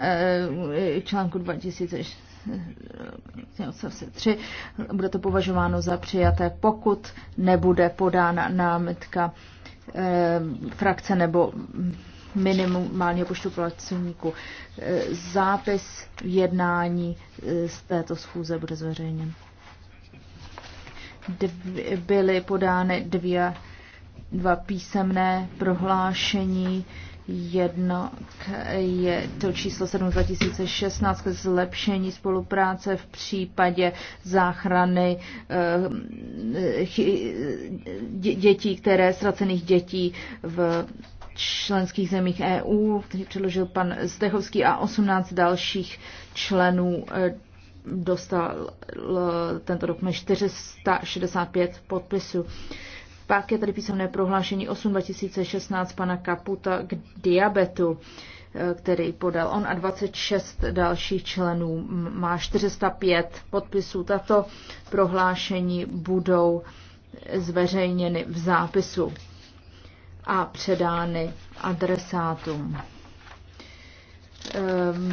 Eh, článku 2003 bude to považováno za přijaté, pokud nebude podána námitka eh, frakce nebo minimálního počtu pracovníků. Eh, zápis jednání z této schůze bude zveřejněn. Byly podány dvě dva písemné prohlášení. Jedno je to číslo 7 2016 k zlepšení spolupráce v případě záchrany eh, dětí, které ztracených dětí v členských zemích EU, který předložil pan Stechovský a 18 dalších členů eh, dostal eh, tento dokument 465 podpisů. Pak je tady písemné prohlášení 8 2016 pana Kaputa k diabetu eh, který podal on a 26 dalších členů. Má 405 podpisů. Tato prohlášení budou zveřejněny v zápisu a předány adresátům. Ehm,